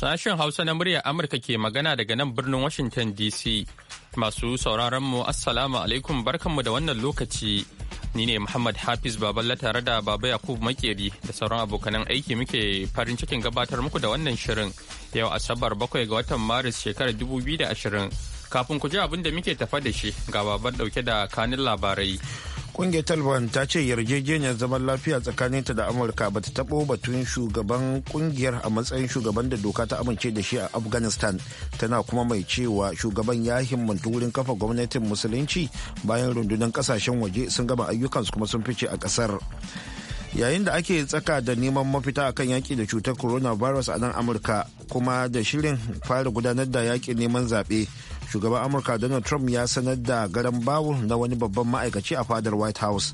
Sashen Hausa na muryar Amurka ke magana daga nan birnin Washington DC. Masu sauraron mu Assalamu alaikum barkanmu da wannan lokaci. Ni ne Muhammad Hafiz Baballa tare da Baba Yakub Makeri da sauran abokanan aiki muke farin cikin gabatar muku da wannan shirin. Yau Asabar bakwai ga watan Maris shekarar dubu biyu da ashirin Kafin ku ji abin da muke tafa da shi ga babar dauke da kanin labarai. Kungiyar Taliban ta ce yarjejeniyar zaman lafiya tsakanin ta da Amurka ba ta taɓo batun shugaban kungiyar a matsayin shugaban da doka ta amince da shi a Afghanistan tana kuma mai cewa shugaban ya himmantu wurin kafa gwamnatin musulunci bayan rundunar kasashen waje sun gama ayyukansu kuma sun fice a ƙasar. yayin da ake tsaka da neman mafita akan yaƙi da cutar coronavirus a nan amurka kuma da shirin fara gudanar da yakin neman zaɓe shugaban amurka donald trump ya sanar da garan bawul na wani babban ma'aikaci a fadar white house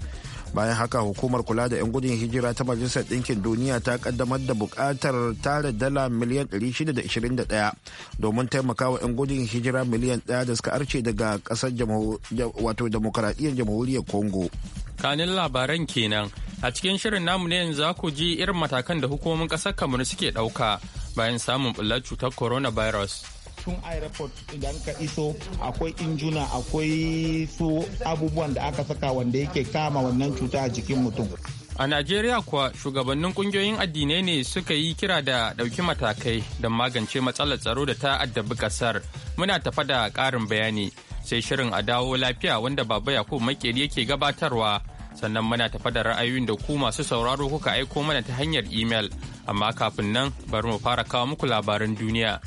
bayan haka hukumar kula da 'yan gudun hijira ta majalisar ɗinkin duniya ta kaddamar da buƙatar tara dala miliyan 621 domin taimakawa 'yan gudun hijira miliyan 1 da suka arce daga ƙasar wato demokaradiyyar jamhuriyar congo kanin labaran kenan a cikin shirin namu ne yanzu ku ji irin matakan da hukumomin ƙasar kamar suke ɗauka bayan samun bullar cutar coronavirus tun airport idan ka iso akwai injuna akwai su abubuwan da aka saka wanda yake kama wannan cuta a jikin mutum a najeriya kuwa shugabannin kungiyoyin addinai ne suka yi kira da ɗauki matakai don magance matsalar tsaro da ta addabi ƙasar muna tafa da ƙarin bayani sai shirin a dawo lafiya wanda baba yakubu makeri yake gabatarwa sannan muna tafa da ra'ayoyin da ku masu sauraro kuka aiko mana ta hanyar imel amma kafin nan bari mu fara kawo muku labaran duniya.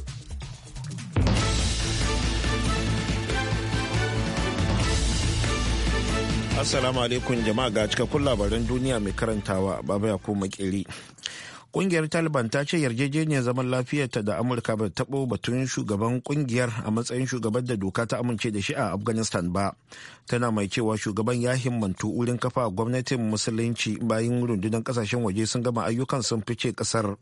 Assalamu alaikum jama'a ga cikakkun labaran duniya mai karantawa baba ya ko makiri. Kungiyar Taliban ta ce yarjejeniyar zaman lafiyarta da Amurka ba taɓo batun shugaban kungiyar a matsayin shugaban da doka ta amince da shi a Afghanistan ba. Tana mai cewa shugaban ya himmantu wurin kafa gwamnatin musulunci bayan rundunar kasashen waje sun gama ayyukan sun fice kasar.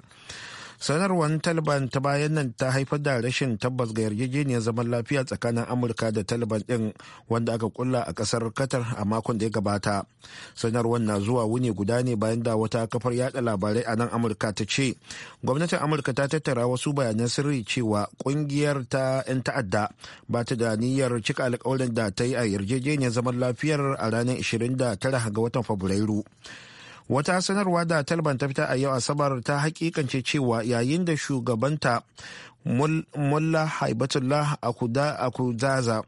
sanarwar taliban ta bayan nan ta haifar da rashin tabbas ga yarjejeniyar zaman lafiya tsakanin amurka da taliban din wanda aka kulla a kasar qatar a makon da ya gabata sanarwar na zuwa wuni guda ne bayan da wata kafar yada labarai a nan amurka ta ce gwamnatin amurka ta tattara wasu bayanan sirri cewa kungiyar ta 'yan ta'adda ba ta da niyyar cika alkawarin da ta yi a yarjejeniyar zaman lafiyar a ranar 29 ga watan fabrairu wata sanarwa da taliban ta fita a yau asabar ta hakikance cewa yayin da shugabanta mulla haibatullah akudaza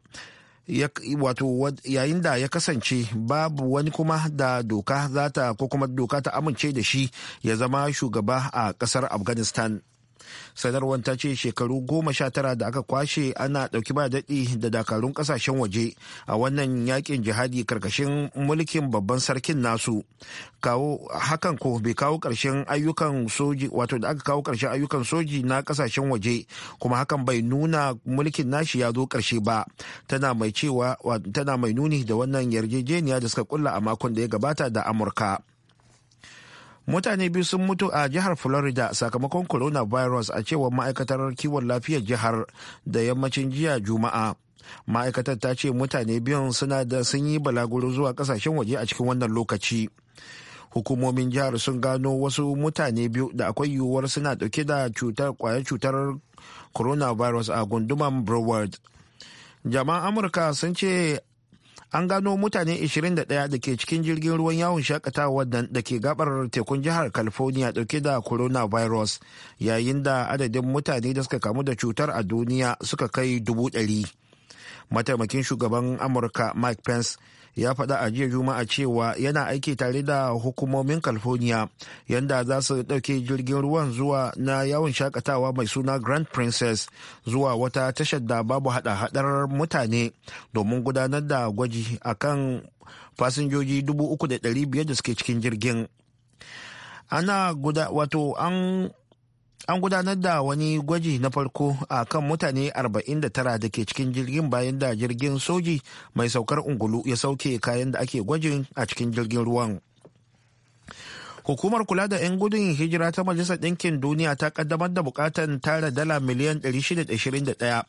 wato yayin da ya kasance babu wani kuma da doka zata ko kuma doka ta amince da shi ya zama shugaba a kasar afghanistan sanarwar ta ce shekaru goma sha tara da aka kwashe ana dauki ba daɗi da dakarun ƙasashen waje a wannan yakin jihadi karkashin mulkin babban sarkin nasu kawo hakan ko bai kawo ƙarshen ayyukan soji wato da aka kawo ƙarshen ayyukan soji na ƙasashen waje kuma hakan bai nuna mulkin nashi ya zo ƙarshe ba tana mai cewa tana mai nuni da wannan yarjejeniya da suka kulla a makon da ya gabata da amurka mutane biyu sun mutu a jihar florida sakamakon coronavirus a cewar ma'aikatar kiwon lafiyar jihar da yammacin jiya juma'a ma'aikatar ta ce mutane biyun suna da sun yi balaguro zuwa kasashen waje a cikin wannan lokaci hukumomin jihar sun gano wasu mutane biyu da akwai yiwuwar suna dauke da cutar kwayar cutar coronavirus a gunduman broward jama'an amurka sun ce an gano mutane 21 da ke cikin jirgin ruwan yawon shakatawa da ke gabar tekun jihar california dauke da coronavirus yayin da adadin mutane da suka kamu da cutar a duniya suka kai dubu ɗari mataimakin shugaban amurka mike pence ya faɗa a jiya juma'a cewa yana aiki tare da hukumomin california yadda za su ɗauke jirgin ruwan zuwa na yawon shakatawa mai suna grand princess zuwa wata tashar da babu haɗa-haɗar mutane domin gudanar da gwaji a kan fasinjoji 3,500 da suke cikin jirgin ana guda wato an an gudanar da wani gwaji na farko a kan mutane 49 da ke cikin jirgin bayan da jirgin soji mai saukar ungulu ya sauke kayan da ake gwajin a cikin jirgin ruwan hukumar kula da 'yan gudun hijira ta majalisar ɗinkin duniya ta kaddamar da bukatar tara dala miliyan 621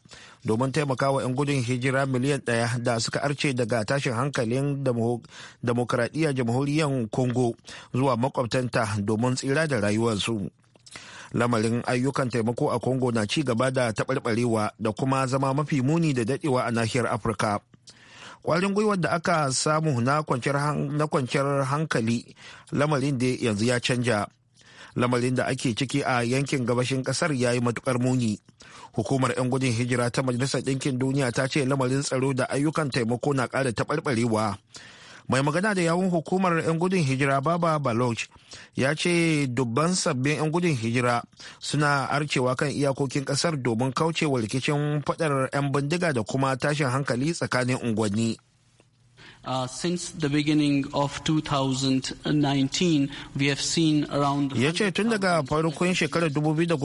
domin taimakawa 'yan gudun hijira miliyan 1 da suka arce daga tashin hankalin demokradiyyar jamhuriyar congo zuwa makwabtanta domin tsira da rayuwarsu lamarin ayyukan taimako a congo na ci gaba da taɓarɓarewa da kuma zama mafi muni da daɗewa a nahiyar afirka kwarin gwiwar da aka samu na kwanciyar hankali lamarin da yanzu ya canja lamarin da ake ciki a yankin gabashin kasar ya yi matukar muni hukumar 'yan gudun hijira ta majalisar ɗinkin duniya ta ce lamarin tsaro da ayyukan taimako na ƙara tabarbarewa. mai magana da yawun hukumar 'yan gudun hijira baba baloch ya ce dubban sabbin 'yan gudun hijira suna arkewa kan iyakokin kasar domin kaucewa rikicin fadar 'yan bindiga da kuma tashin hankali tsakanin unguwanni. Uh, since the beginning of 2019 we have seen around ya ce tun daga farkon shekarar 2019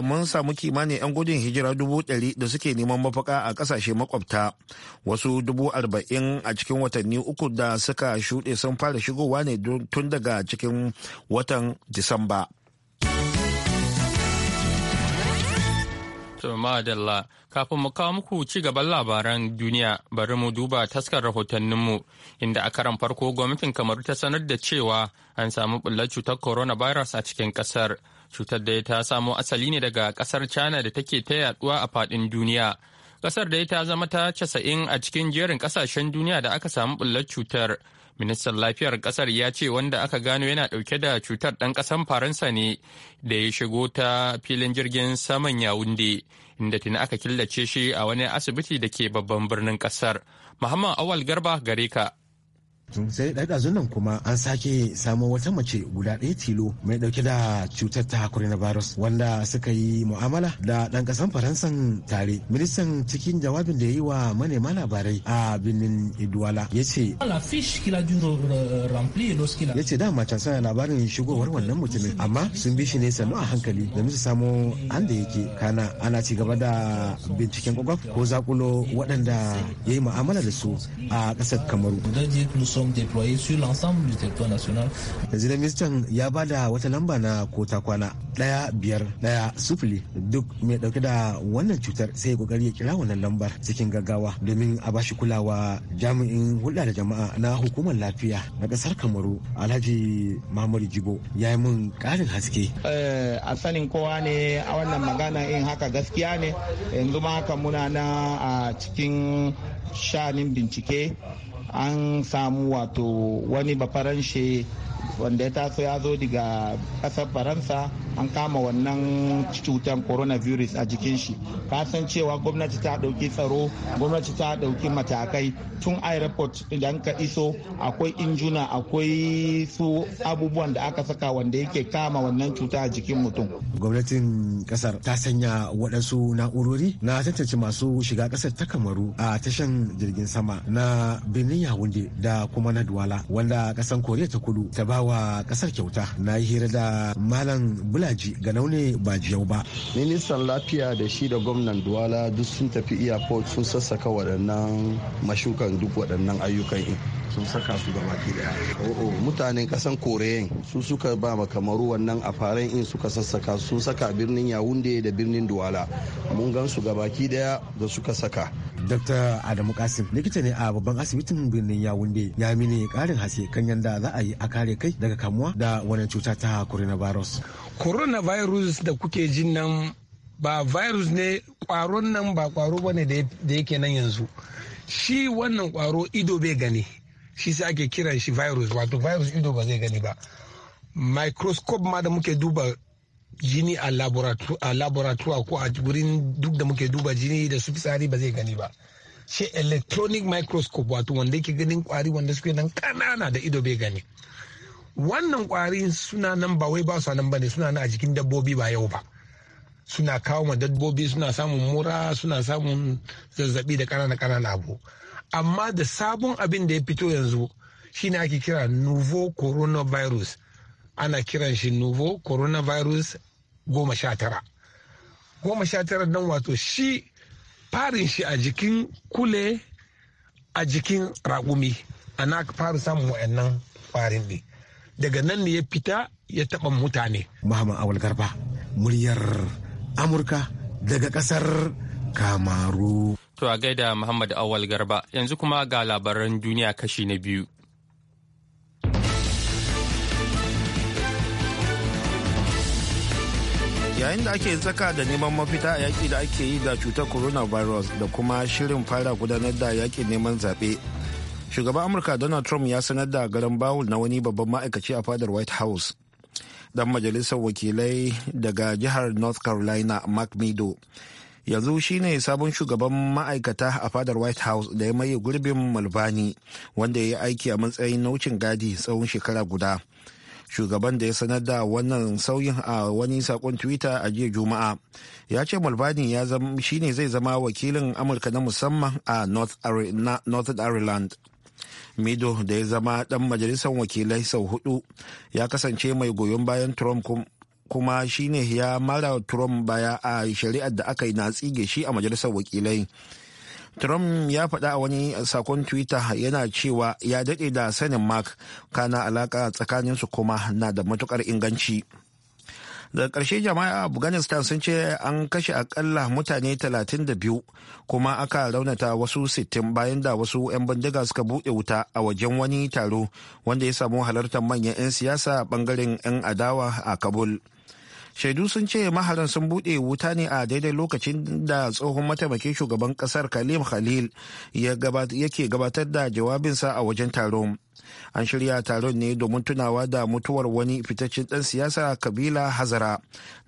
mun samu kimanin 'yan gudun hijira 100 da suke neman mafaka a kasashe makwabta wasu dubu arba'in a cikin watanni uku da suka shuɗe sun fara shigowa ne tun daga cikin watan disamba To madalla kafin mu kawo muku ci gaban labaran duniya bari mu duba taskar rahotanninmu inda a karan farko gwamnatin kamaru ta sanar da cewa an samu bullar cutar coronavirus a cikin kasar. Cutar da ta samo asali ne daga kasar China da take ta yaduwa a fadin duniya. Kasar da ta zama ta casa'in a cikin jerin kasashen duniya da aka samu bullar cutar. Ministan lafiyar kasar ya ce wanda aka gano yana dauke da cutar ɗan ƙasan Faransa ne da ya shigo ta filin jirgin saman Yawunde, inda tuni aka killace shi a wani asibiti da ke babban birnin ƙasar. Muhammad Awal Garba Gareka. sai ɗaɗazun nan kuma an sake samun wata mace guda ɗaya tilo mai ɗauke da cutar ta coronavirus wanda suka yi mu'amala da ɗan ƙasan faransan tare ministan cikin jawabin da ya yi wa manema labarai a birnin iduwala. ya ce ah, ya ce dama can sana labarin shigowar wannan mutumin amma sun bi shi ne sannu a hankali da su samo an da yake kana ana ci gaba da binciken kwakwaf ko zakulo waɗanda ya yi mu'amala da su a ƙasar kamaru donc déployés sur l'ensemble du territoire national. ya ba da wata lamba na kota kwana ɗaya biyar ɗaya sufuli duk mai ɗauke da wannan cutar sai kokari ya kira wannan lambar cikin gaggawa domin a bashi kulawa jami'in hulɗa da jama'a na hukumar lafiya na ƙasar Kamaru Alhaji Mamadu Jibo ya yi min ƙarin haske. Eh, a sanin kowa ne a wannan magana in haka gaskiya ne yanzu ma haka muna na a cikin shanin bincike an samu wato wani bafaranshe wanda ya taso ya zo daga ƙasar faransa an kama wannan cutar coronavirus a jikin shi ka san cewa gwamnati ta ɗauki tsaro gwamnati ta ɗauki matakai tun airport idan ka iso akwai injuna akwai su abubuwan da aka saka wanda yake kama wannan cuta a jikin mutum gwamnatin kasar ta sanya waɗansu na'urori na tantance masu shiga kasar ta kamaru a tashan jirgin sama na birnin yawunde da kuma na duwala wanda kasan koriya ta kudu ta ba wa kasar kyauta na yi hira da malam bulaji ga naune ba jiyau ba ministan lafiya da shi da gwamnan duwala duk sun tafi iyakot sun sassaka waɗannan mashukan duk waɗannan ayyukan in sun saka su gaba daya mutanen kasan koreyan su suka ba ma kamaru wannan faran in suka sassaka sun saka birnin yawunde da birnin duwala mun gan su gaba daya da suka saka dr adamu kasim likita ne a babban asibitin birnin yawunde ya mini karin hasi kan yanda za a yi a kare kai daga kamuwa da wani cuta ta coronavirus coronavirus da kuke jin nan ba virus ne kwaron nan ba kwaro bane da yake nan yanzu shi wannan kwaro ido bai gani shi sai ake kiran shi virus wato virus ido ba zai gani ba microscope ma da muke duba jini a laboratoire ko a wurin duk da muke duba jini da su fitsari ba zai gani ba shi electronic microscope wato wanda yake ganin kwari wanda suke nan kanana da ido bai gani wannan kwari suna nan ba wai ba su nan bane suna nan a jikin dabbobi ba yau ba suna kawo ma dabbobi suna samun mura suna samun zazzabi da kanana kanana abu amma da sabon abin da ya fito yanzu shine ake kira nuvo coronavirus ana kiran shi nuvo coronavirus goma sha tara goma sha tara nan wato shi farin shi a jikin kule a jikin raƙumi ana fara samun waɗannan farin ne daga nan ne ya fita ya taɓa mutane. Muhammad Awal Garba, muryar Amurka daga ƙasar Kamaru. To a gaida Muhammad Awal Garba, yanzu kuma ga labaran duniya kashi na biyu. yayin da ake tsaka da neman mafita a yaƙi da ake yi da cutar coronavirus da kuma shirin fara gudanar da yaƙin neman zaɓe shugaban amurka donald trump ya sanar da garin bawul na wani babban ma'aikaci a fadar white house dan majalisar wakilai daga jihar north carolina mark meadow yanzu shine sabon shugaban ma'aikata a fadar white house da ya maye gurbin malvani wanda ya yi aiki a matsayin naucin gadi tsawon shekara guda shugaban da ya sanar da wannan sauyin a wani sakon twitter a jiya juma'a ya ce malvani shine zai zama wakilin amurka na musamman a north ireland mido da ya zama dan majalisar wakilai sau hudu ya kasance mai goyon bayan trump kuma shine ya mara trump baya a shari'ar da aka yi na tsige shi a majalisar wakilai Trump ya faɗa a wani sakon Twitter yana cewa ya daɗe da sanin Mark kana alaƙa tsakaninsu kuma na da matukar inganci. daga ƙarshe jama'a afghanistan sun ce an kashe akalla mutane 32 kuma aka raunata wasu 60 bayan da wasu 'yan bindiga suka buɗe wuta a wajen wani taro wanda ya samu halartar manyan 'yan siyasa bangaren 'yan adawa a kabul shaidu sun ce maharan sun bude wuta ne a daidai lokacin da tsohon mataimakin shugaban kasar khalim khalil yake gabatar da jawabinsa a wajen taron an shirya taron ne domin tunawa da mutuwar wani fitaccen ɗan siyasa kabila hazara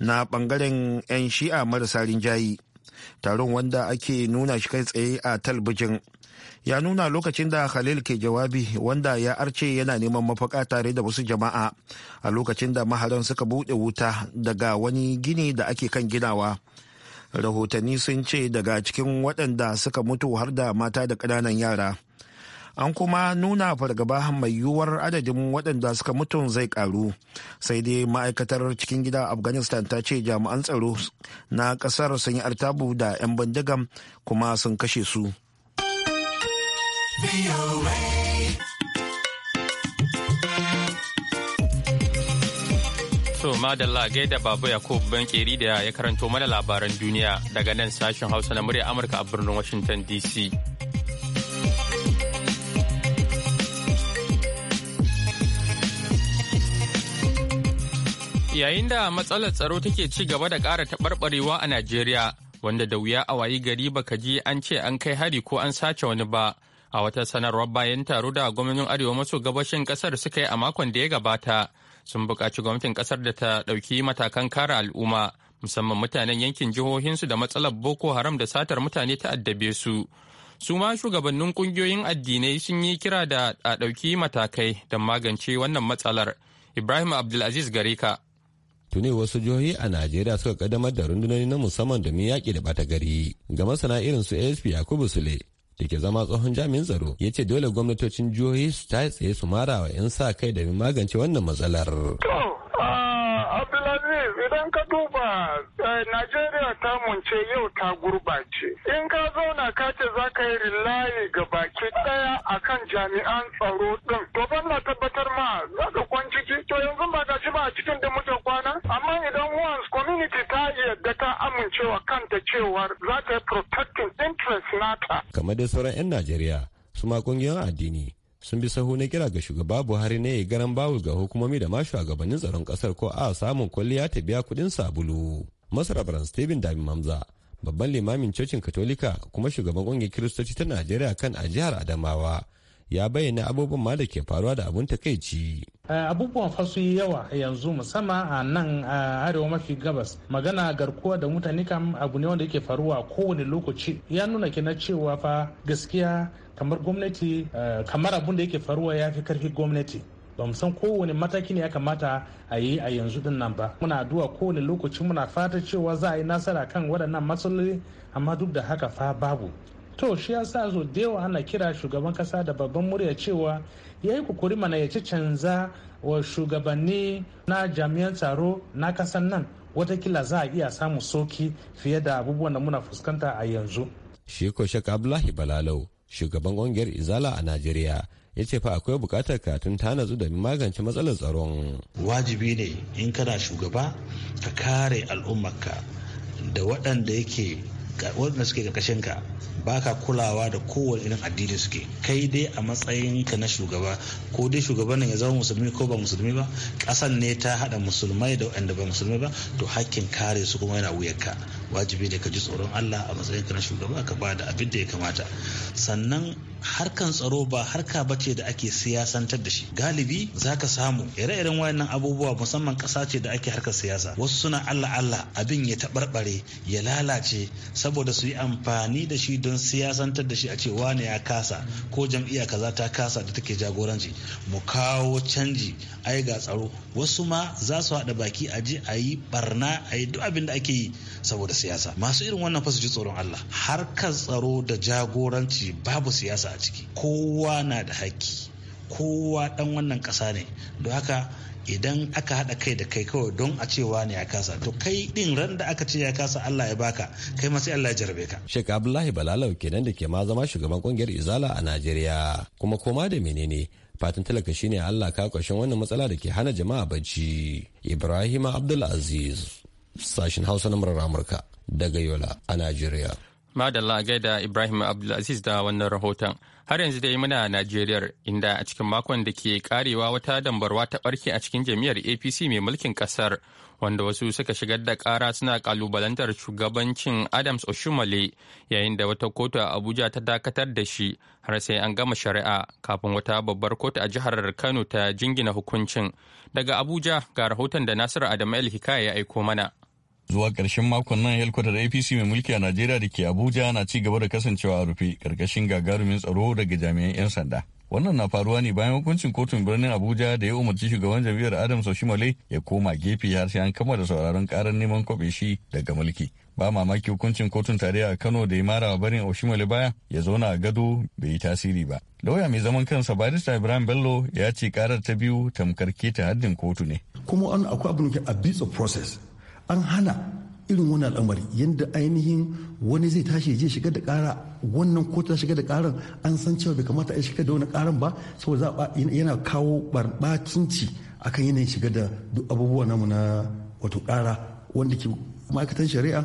na ɓangaren 'yan shi'a marasa rinjayi taron wanda ake nuna shi kai tsaye a talbijin ya nuna lokacin da khalil ke jawabi wanda ya arce yana neman mafaka tare da wasu jama'a a lokacin da maharan suka buɗe wuta daga wani gini da ake kan ginawa rahotanni sun ce daga cikin waɗanda suka mutu har da mata da ƙananan yara an kuma nuna fargaba mai yiwuwar adadin waɗanda suka mutu zai karu sai dai ma'aikatar cikin gida afghanistan ta ce jami'an tsaro na ƙasar sun yi artabu da 'yan bindigan kuma sun kashe su To madalla gaida Baba Yakub Bankeri da ya karanto mana labaran duniya daga nan sashen Hausa na murya Amurka a birnin Washington DC. Yayin da matsalar tsaro take ci gaba da ƙara taɓarɓarewa a Najeriya, wanda da wuya a wayi gari baka ji an ce an kai hari ko an sace wani ba, A wata sanarwar bayan taro da gwamnonin Arewa maso gabashin kasar suka yi a makon da ya gabata sun buƙaci gwamnatin kasar da ta ɗauki matakan kare al'umma musamman mutanen yankin jihohinsu da matsalar Boko Haram da satar mutane ta addabe su. su ma shugabannin ƙungiyoyin addinai sun yi kira da a ɗauki matakai don magance wannan matsalar ibrahim abdulaziz gareka tuni wasu jihohi a najeriya suka kaddamar da rundunoni na musamman domin yaƙi da ɓata gari ga masana irin su asp yakubu sule da ke zama tsohon jami'in tsaro ya ce dole gwamnatocin jihohi su ta tsaye su mara wa 'yan sa kai da magance wannan matsalar. idan ka duba eh, Najeriya ta munce yau ta gurbace. In ka zauna ka ce za ka yi rilayi ga baki daya kan jami'an tsaro din. To ban na tabbatar ma za ka kwanci to yanzu ba ga ba a cikin da muke kwana. Amma idan once community da ta amincewa kanta cewa za ta yi protecting interest nata. Kamar dai sauran 'yan Najeriya su ma kungiyar addini sun bi sahu na kira ga shugaba Buhari ne ya garan bawul ga hukumomi da ma shugabannin tsaron kasar ko a samun kwalliya ta biya kuɗin sabulu. Masar Abraham Stephen Dami Mamza babban limamin cocin Katolika kuma shugaban kungiyar Kiristoci ta Najeriya kan a jihar Adamawa ya bayyana abubuwan ma da ke faruwa da abun takaici. Eh, abubuwan fa sun yi yawa yanzu musamman a nan arewa mafi gabas magana garkuwa da mutane kam abu ne wanda yake faruwa kowane lokaci ya nuna kina cewa fa gaskiya kamar gwamnati eh, kamar abun da yake faruwa ya fi karfi gwamnati ba mu san kowane mataki ne ya kamata a yi a yanzu din nan ba muna addu'a kowane lokaci muna fata cewa za a yi nasara kan waɗannan matsaloli amma duk da haka fa babu to shi ya sa zo dewa ana kira shugaban kasa da babban murya cewa ya yi kukuri mana ya ci canza wa shugabanni na jami'an tsaro na kasan nan watakila za a iya samun soki fiye da abubuwan da muna fuskanta a yanzu. shi ko abdullahi balalau shugaban ƙungiyar izala a najeriya ya ce fa akwai bukatar katun tanazu da magance matsalar tsaron. wajibi ne in kana shugaba ka kare al'ummarka da waɗanda yake waɗanda suke ka baka kulawa da kowane irin addini suke kai dai a matsayin ka na shugaba ko dai shugaban nan ya zama musulmi ko ba musulmi ba kasan ne ta hada musulmai da wanda ba musulmi ba to hakkin kare su kuma yana wuyar ka. wajibi ne ka ji tsoron Allah a matsayin ka na shugaba ka ba da abin da ya kamata sannan harkan tsaro ba harka bace da ake siyasantar da shi galibi zaka samu ire-iren wayannan abubuwa musamman ƙasa ce da ake harkar siyasa wasu suna Allah Allah abin ya taɓarɓare ya lalace saboda su yi amfani da shi don kokarin siyasantar da shi a ce wane ya kasa ko jam'iyya kaza ta kasa da take jagoranci mu kawo canji ai ga tsaro wasu ma za su haɗa baki a je a yi barna a yi duk abin da ake yi saboda siyasa masu irin wannan fa ji tsoron Allah harkar tsaro da jagoranci babu siyasa a ciki kowa na da haƙƙi kowa ɗan wannan ƙasa ne don haka idan aka haɗa kai da kai kawai don a cewa ne ya kasa to kai din ran da aka ce ya kasa Allah ya baka kai ma sai Allah ya jarabe ka Sheikh Abdullahi Balalau kenan da ke ma zama shugaban kungiyar Izala a Najeriya kuma koma da menene fatan talaka shine Allah ka kwashin wannan matsala da ke hana jama'a bacci Ibrahim Abdul Aziz sashin Hausa na murar Amurka daga Yola a Najeriya Madalla gaida Ibrahim Abdulaziz da wannan rahoton Har yanzu dai muna Najeriya inda a cikin makon da ke karewa wata dambarwa ta barke a cikin jami'ar APC mai mulkin kasar wanda wasu suka shigar da ƙara suna kalubalantar shugabancin Adams Oshumale yayin da wata kotu a Abuja ta dakatar da shi har sai an gama shari'a kafin wata babbar kotu a jihar Kano ta jingina hukuncin. Daga Abuja ga rahoton da Nasiru Adamu El Hikaya ya aiko mana. zuwa ƙarshen makon nan helkwatar apc mai mulki a najeriya da ke abuja na ci gaba da kasancewa a rufe ƙarƙashin gagarumin tsaro daga jami'an 'yan sanda wannan na faruwa ne bayan hukuncin kotun birnin abuja da ya umarci shugaban jam'iyyar adam soshimale ya koma gefe har sai an kama da sauraron karar neman kwaɓe shi daga mulki ba mamaki hukuncin kotun tarayya a kano da ya mara barin oshimale baya ya zauna a gado bai yi tasiri ba lauya mai zaman kansa barista ibrahim bello ya ce karar ta biyu tamkar keta haddin kotu ne kuma an akwai abin a bits of process an hana irin wani al'amari yadda ainihin wani zai tashi je shiga da kara wannan ko ta shiga da karan an san cewa bai kamata a shiga da wani karan ba saboda yana kawo barbacinci akan yanayin shiga da duk abubuwa namu na wato kara wanda ke ma'aikatan shari'a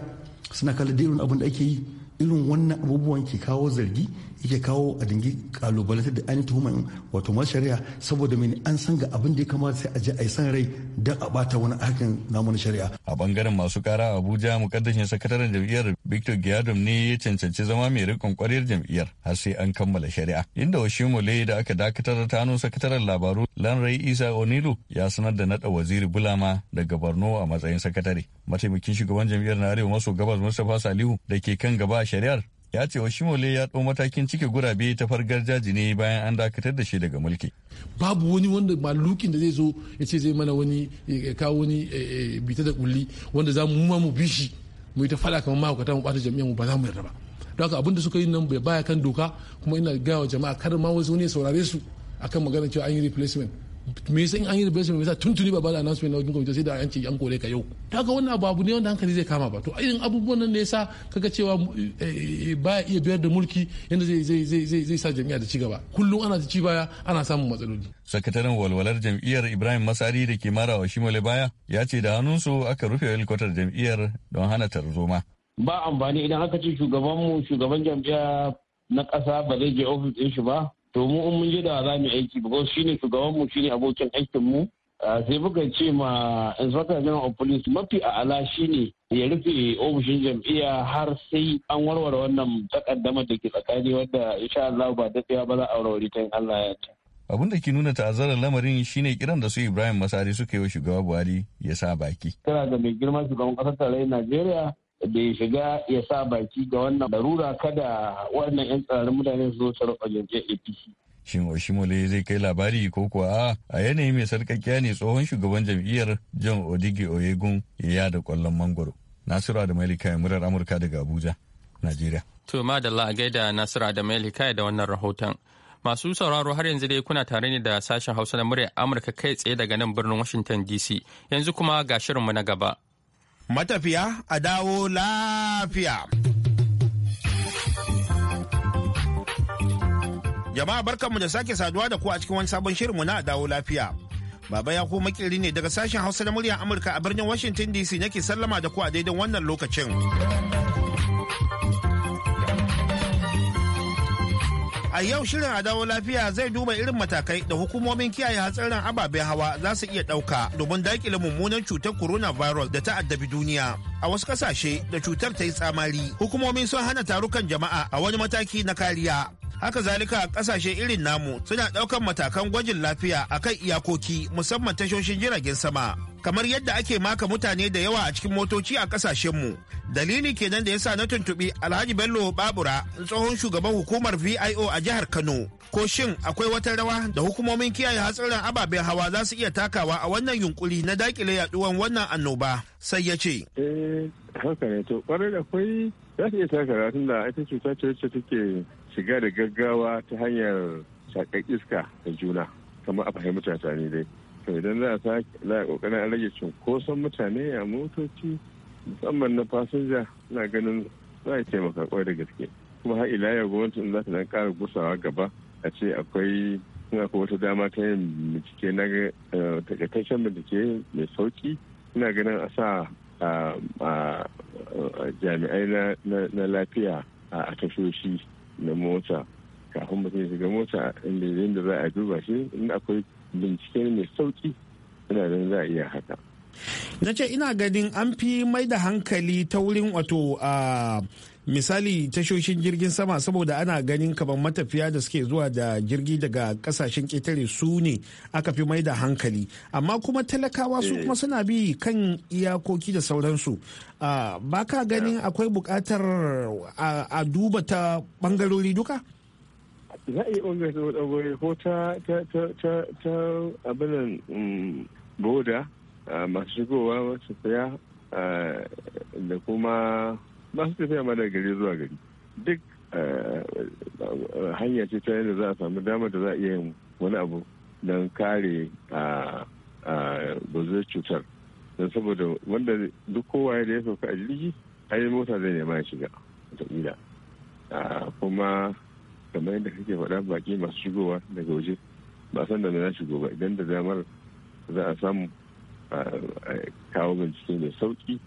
suna kallon da irin abin da ake yi irin wannan abubuwan ke kawo zargi yake kawo a dingi kalubalantar da an tuhuma wato ma shari'a saboda mene an san ga abin da ya kamata sai a je a yi san rai don a bata wani hakin namun shari'a. A bangaren masu kara Abuja mukaddashin sakataren jam'iyyar Victor Giyadom ne ya cancanci zama mai rikon kwarar jam'iyyar har sai an kammala shari'a. Inda Oshimole da aka dakatar ta hannun sakataren labaru Lanrai Isa Onilu ya sanar da naɗa waziri Bulama daga Borno a matsayin sakatare. Mataimakin shugaban jam'iyyar na Arewa maso gabas Mustapha Salihu da ke kan gaba a shari'ar ya ce Oshimole ya ɗau matakin cike gurabe ta fargar jaji ne bayan an dakatar da shi daga mulki. Babu wani wanda malukin da zai zo ya ce zai mana wani ya kawo wani eh, eh, bita da kulli wanda za mu mu bi shi mu yi ta fada kamar mahaukata mu bata jami'a mu ba za mu yarda ba. Don haka abin da suka yi nan bai baya kan doka kuma ina gaya wa jama'a kar ma wasu ne saurare su akan magana cewa an yi replacement. me yasa in an yi replacement me yasa tun tuni ba ba da announcement na wajen kwamitin sai da an ce yan kore ka yau ta ga wannan abu ne wanda hankali zai kama ba to irin abubuwan nan ne yasa kaga cewa eh, baya iya biyar da mulki yadda zai zai sa jami'a da ci gaba kullum ana ci baya ana samun matsaloli sakataren walwalar jam'iyyar Ibrahim Masari da ke marawa Shimole baya ya ce da hannunsu aka rufe helikwatar jam'iyyar don hana tarzoma ba amfani idan aka ce shugabanmu shugaban jam'iyya na kasa ba zai je ofis ɗin shi ba to mu in mun je da za mu aiki shi ne shugaban mu shi ne abokin aikin mu ah, sai muka ce ma inspector general of police mafi a'ala ne ya rufe ofishin jam'iyya har sai an warware wannan takaddamar da ke tsakani wadda insha Allah ba da ba za a warware ta Allah ya ta. Abin da ke nuna ta'azzarar lamarin shine kiran da su Ibrahim Masari suka yi wa shugaba Buhari ya sa baki. Kira ga mai girma shugaban ƙasar tarayyar Najeriya da shiga ya sa baki ga wannan larura kada wannan 'yan tsarin mutane su zo su rufa apc shin oshimole zai kai labari ko kuwa a yanayi mai sarkakkiya ne tsohon shugaban jam'iyyar john odige oyegun ya da kwallon mangoro nasiru da malika murar amurka daga abuja najeriya to madalla a gaida nasiru da da wannan rahoton Masu sauraro har yanzu dai kuna tare ne da sashen Hausa na muryar Amurka kai tsaye daga nan birnin Washington DC. Yanzu kuma ga shirinmu na gaba. matafiya a dawo lafiya. Jama'a barkanmu da sake saduwa da ku a cikin wani sabon shirinmu na dawo lafiya. Baba ya ku makiri ne daga sashen Hausa da muryar Amurka a birnin Washington DC nake sallama da ku a daidan wannan lokacin. A yau shirin a dawo lafiya zai duba irin matakai da hukumomin kiyaye hatsarin ababen hawa za su iya ɗauka domin daƙile mummunan cutar corona virus da ta addabi duniya. A wasu ƙasashe da cutar ta yi tsamari, hukumomin sun hana tarukan jama'a a wani mataki na kariya. haka zalika a kasashe irin namu suna daukan matakan gwajin lafiya akan iyakoki musamman tashoshin jiragen sama kamar yadda ake maka mutane da yawa a cikin motoci a mu. dalili kenan da yasa na tuntuɓi alhaji bello babura tsohon shugaban hukumar vio a jihar kano ko shin akwai wata rawa da hukumomin kiyaye hatsarin ababen hawa za su iya takawa a wannan yunkuri na dakile yaduwan wannan annoba sai ya ce eh haka ne to kwarai za su iya karatun da ita cuta ce wacce take shiga da gaggawa ta hanyar shakar iska da juna kamar a fahimta mutane dai to idan za a za a kokarin an rage cunkoson mutane a motoci musamman na fasinja na ganin za a taimaka kwai da gaske kuma har ila yau gwamnati za ta dan kara gusawa gaba a ce akwai ina ko wata dama ta yin bincike na eh, takaitaccen bincike mai sauki ina ganin a sa jami'ai na lafiya a tashoshi na mota kafin mutum ya shiga mota inda yadda za a duba shi in akwai bincike mai sauki ina ganin za a iya haka na ce ina ganin an fi mai da hankali ta wurin wato misali tashoshin jirgin sama saboda ana ganin kamar matafiya da suke zuwa da jirgi daga kasashen ƙetare su ne aka fi mai da hankali amma kuma talakawa su eh. kuma suna bi kan iyakoki da sauransu ah, ba ka ganin akwai buƙatar a duba ta ɓangarori duka za a yi ɓangarori ko ta abinan mm, boda ah, masu shigowa masu saya ah, da kuma masu tafiya ma daga gari zuwa gari duk eh, hanya ce ta yadda za a samu dama da za a iya yin wani abu don kare a ah, ah, bazar cutar don saboda wanda duk kowa da ya sauka a jirgi ai mota zai nema ya shiga wataƙila ah, kuma kamar yadda kake faɗa baki masu shigowa daga waje ba san da na shigo ba idan da damar za a samu kawo bincike mai sauki.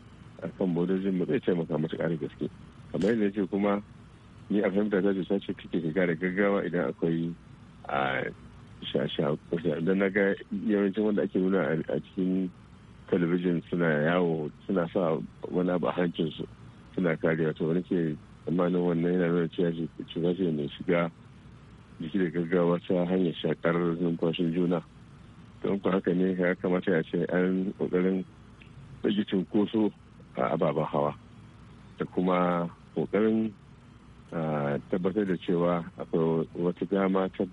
kan bodojin mu zai taimaka matuƙa da gaske kamar yadda ce kuma ni a fahimta ta ce ce kake shiga gare gaggawa idan akwai a don na ga yawancin wanda ake nuna a cikin talabijin suna yawo suna sa wani abu a hancinsu suna kariya to wani ke tsammanin wannan yana nuna cewa cuta ce mai shiga jiki da gaggawa ta hanyar shakar numfashin juna don ku haka ne ya kamata ya ce an kokarin rage cunkoso ababen hawa da kuma kokarin tabbatar da cewa akwai wata dama ta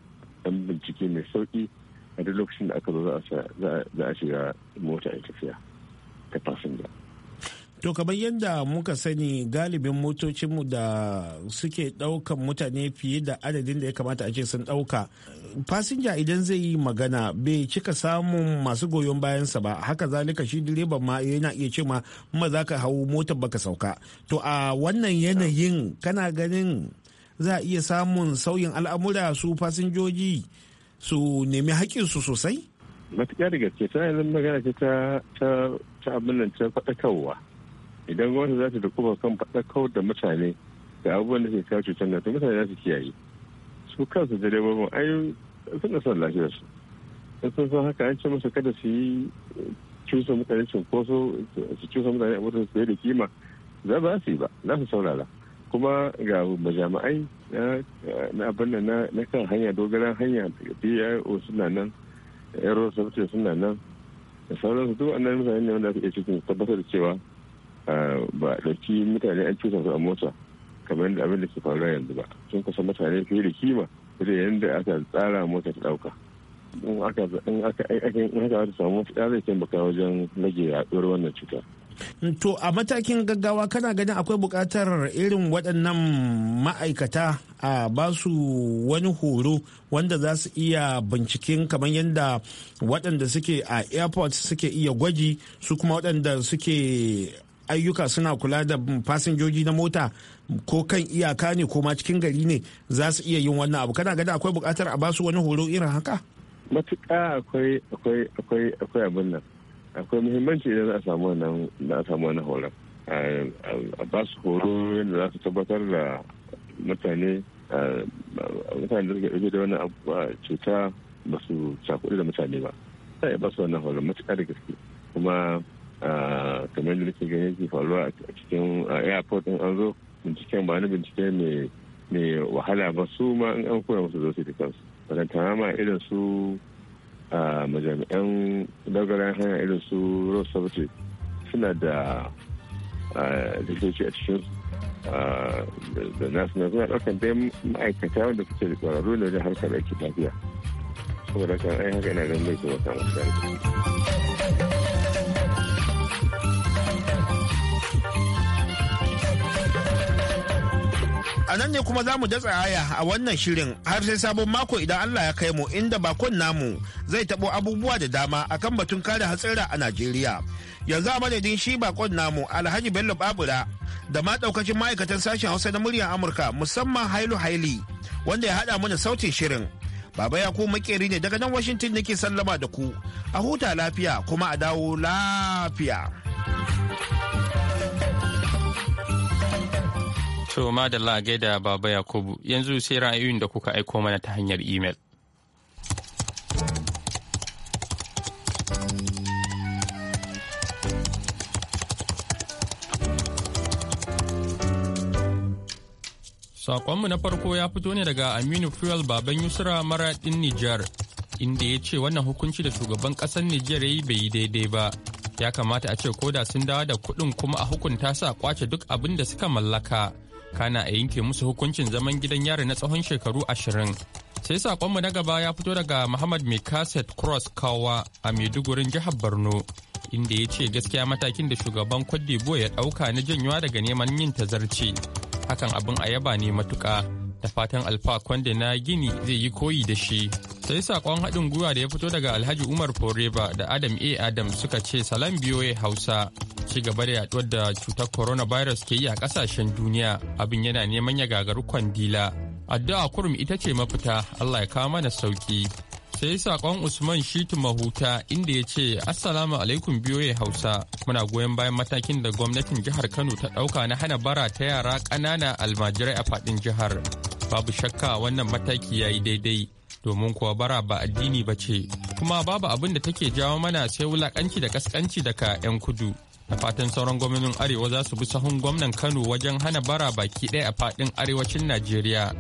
dan bincike mai sauki a duk lokacin da aka zo za a shiga mota ya tafiya ta fasinja To kamar yadda muka sani galibin motocinmu da suke ɗaukan mutane fiye da adadin da ya kamata a ce sun ɗauka. Fasinja idan zai yi magana bai cika samun masu goyon bayansa ba haka zalika shi direban ma yana iya ce ma ma za ka hau motar baka sauka. To a wannan yanayin kana ganin za a iya samun sauyin al'amura su fasinjoji su nemi haƙƙinsu sosai? Matuƙa da gaske, ta magana ta abin nan ta faɗakarwa. idan gwamnati za ta dukuba kan kawar da mutane ga abubuwan da ke kawo cutar da ta mutane za su kiyaye su kansu direbobin ai suna son lafiyar su in sun san haka an ce musu kada su yi eh, cusa mutane cunkoso su cusa mutane a mutum su da kima za ba su yi ba za su saurara kuma ga majami'ai na abin da na kan hanya dogaran hanya o suna nan aero suna nan da sauransu duk annan mutane ne wanda ake cikin tabbatar da cewa ba ɗauki mutane an cuta su a mota kamar yadda abin da ke faru yanzu ba sun kusa mutane fiye da kima da yadda aka tsara mota ta ɗauka in aka in aka in aka samu mafita zai taimaka wajen rage yaɗuwar wannan cuta. To a matakin gaggawa kana ganin akwai buƙatar irin waɗannan ma'aikata a ba su wani horo wanda za su iya binciken kamar yadda waɗanda suke a airport suke iya gwaji su kuma waɗanda suke ayyuka suna kula da fasinjoji na mota ko kan iyaka ne ko ma cikin gari ne za su iya yin wannan abu kana gada akwai bukatar a basu wani horo irin haka matuƙa akwai akwai akwai akwai abin nan akwai muhimmanci idan a samu wannan da a samu wannan horon a ba su horo yadda za su tabbatar da mutane mutane da suke ɗauke da wannan cuta ba su cakuɗi da mutane ba sai ba su wannan horon matuƙa da gaske kuma Eh, kamar da nake ganin ke faruwa a cikin airport in an zo binciken ba na bincike mai wahala ba su ma in an koya musu zo su da kansu ta ma irin su eh, majami'an dagaran hanya irin su rose safety suna da eh, likitoci a cikin da nasu na suna ɗaukan dai ma'aikata wanda suke da ƙwararru ne wajen harkar aiki lafiya saboda kan ai haka ina ganin bai taimaka masu A nan ne kuma za mu datsa aya a wannan shirin har sai sabon mako idan Allah ya kai mu inda bakon namu zai tabo abubuwa da dama akan batun kare hatsira a Najeriya. Yanzu a madadin shi bakon namu Alhaji Bello Babura da ma daukacin ma'aikatan sashen Hausa na muryar Amurka musamman Hailu Haili wanda ya haɗa mana sautin shirin. Baba ya ku makeri ne daga nan Washington nake sallama da ku. A huta lafiya kuma a dawo lafiya. To madalla gaida baba Yakubu yanzu sai ra'ayoyin da kuka aiko mana ta hanyar imel. Sakonmu na farko ya fito ne daga Aminu Fuel Baban Yusra Maraɗin Nijar, inda ya ce wannan hukunci da shugaban ƙasar Nijar ya yi bai yi daidai ba. Ya kamata a ce koda sun dawo da kuɗin kuma a hukunta su a kwace duk abin da suka mallaka. kana a yanke musu hukuncin zaman gidan yari na tsawon shekaru ashirin sai saƙonmu na gaba ya fito daga muhammad mai cross kawa a maidugurin jihar borno inda ya ce gaskiya matakin da shugaban kwadibo ya ɗauka na janyewa daga neman yin tazarci hakan abin a yaba ne matuka da fatan alfa kwande na gini zai yi koyi da shi sai sakon haɗin gwiwa da ya fito daga alhaji umar foreba da adam a adam suka ce salam biyoye hausa ci gaba da yaɗuwar da cutar coronavirus ke yi a ƙasashen duniya abin yana neman ya gagaru kwandila addu'a kurum ita ce mafita allah ya kawo mana sauki sai sakon usman shitu mahuta inda ya ce assalamu alaikum biyoye hausa muna goyon bayan matakin da gwamnatin jihar kano ta ɗauka na hana bara ta yara ƙanana almajirai a faɗin jihar babu shakka wannan mataki ya yi daidai domin kuwa bara ba addini ba ce kuma babu abin da take jawo mana sai wulakanci da kaskanci daga 'yan kudu da fatan sauran gwamnonin arewa za su bi sahun gwamnan kano wajen hana bara baki ɗaya a fadin arewacin najeriya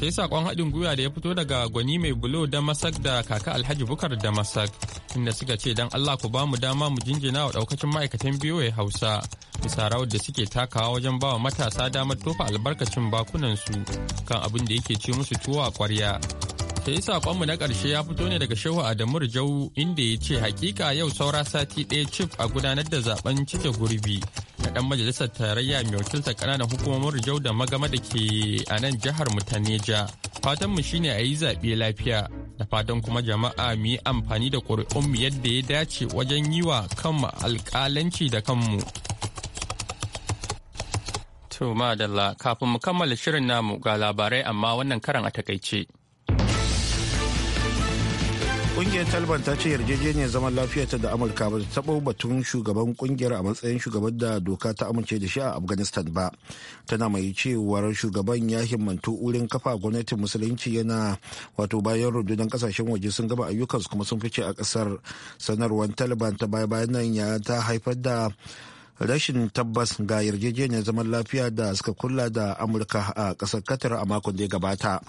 sai sakon haɗin gwiwa da ya fito daga gwani mai bulo da masak da kaka alhaji bukar da masak inda suka ce dan allah ku ba dama mu jinjina wa ɗaukacin ma'aikatan biyu hausa bisa rawar da suke takawa wajen ba wa matasa damar tofa albarkacin bakunansu kan abin da yake ce musu tuwo a kwarya. yi saƙonmu na ƙarshe ya fito ne daga shehu adamu rijau inda ya ce hakika yau saura sati ɗaya cif a gudanar da zaben cike gurbi na ɗan majalisar tarayya mai wakilta ƙananan hukumomin rijau da magama da ke a nan jihar mu ta neja mu shine a yi zaɓe lafiya da fatan kuma jama'a mu yi amfani da ƙuri'unmu yadda ya dace wajen yi wa kanmu alƙalanci da kanmu To madalla kafin mu kammala shirin namu ga labarai amma wannan karan a takaice. kungiyar taliban ta ce yarjejeniyar zaman lafiya ta da amurka ba ta taɓo batun shugaban kungiyar a matsayin shugaban da doka ta amince da shi a afghanistan ba tana mai cewar shugaban ya himmantu wurin kafa gwamnatin musulunci yana wato bayan rundunar kasashen waje sun gaba ayyukansu kuma sun fice a kasar sanarwar taliban ta baya bayan nan ya ta haifar da rashin tabbas ga yarjejeniyar zaman lafiya da suka kula da amurka a kasar katar a makon da ya gabata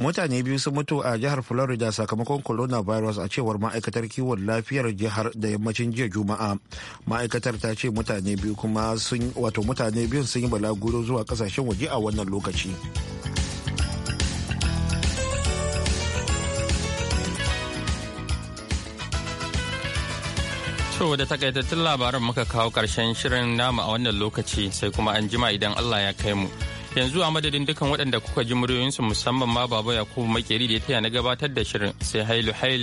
mutane biyu sun mutu a jihar florida sakamakon coronavirus a cewar ma'aikatar kiwon lafiyar jihar da yammacin jiya juma'a ma'aikatar ta ce mutane biyu kuma sun wato mutane biyun sun yi balaguro zuwa kasashen waje a wannan lokaci To da takaitattun labaran muka kawo karshen shirin namu a wannan lokaci sai kuma an jima idan Allah ya kai mu yanzu a madadin dukan waɗanda kuka ji muryoyinsu musamman ma baba yakubu makeri da ya taya na gabatar da shirin sai hailu hail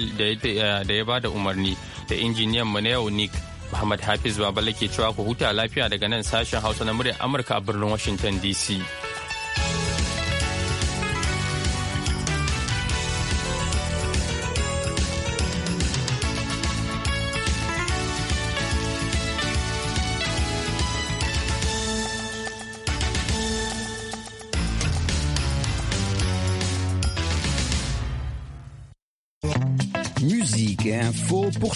da ya ba da umarni da injiniyan mu na yau nick muhammad hafiz babalake cewa ku huta lafiya daga nan sashen hausa na muryar amurka a birnin washington dc faut pour